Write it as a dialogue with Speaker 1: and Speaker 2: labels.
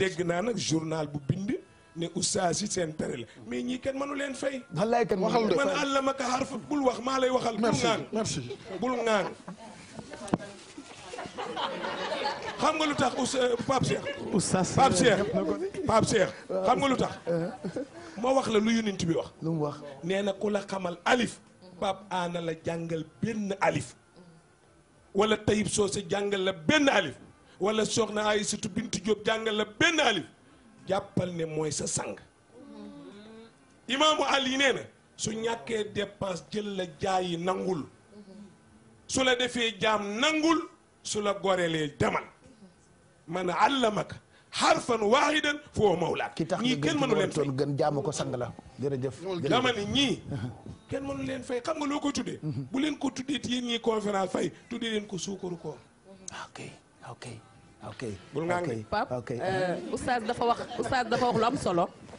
Speaker 1: dégg naa nag journal bu bind ne oustaz yi seen tere la mais ñii kenn mënu leen fay. wallaay kenn waxal de man allamaka harfa bul wax maa lay waxal. merci merci bul ŋaan xam nga lu tax ous euh, Pape Cheikh. oustaz euh, Pape xam nga lu tax. Euh. moo wax la lu yonent bi wax. lu mu wax nee na ku la xamal alif. Pape Ana la jàngal benn alif. wala Tayib Socé jàngal la benn alif. wala soxna Aysatu Bintu Jóob jàngal la benn ali jàppal ne mooy sa sang imaamu Ali nee na su ñàkkee dépense jël la jaayi nangul su la defee jaam nangul su la gorelee demal man allamaka harfan waahidan fa huwa mawlaak ki tax ñii kenn mënu leen fay gën jaamu ko sang la jërëjëf dama ne ñii kenn mënu leen fay xam nga loo ko tuddee mhm. bu leen ko tuddee ti yéen ñii conférence fay tuddee leen ko suukaru koor ok ok. bul ngaa ngi ok. Euh, oustaz dafa wax oustaz dafa wax lu am solo.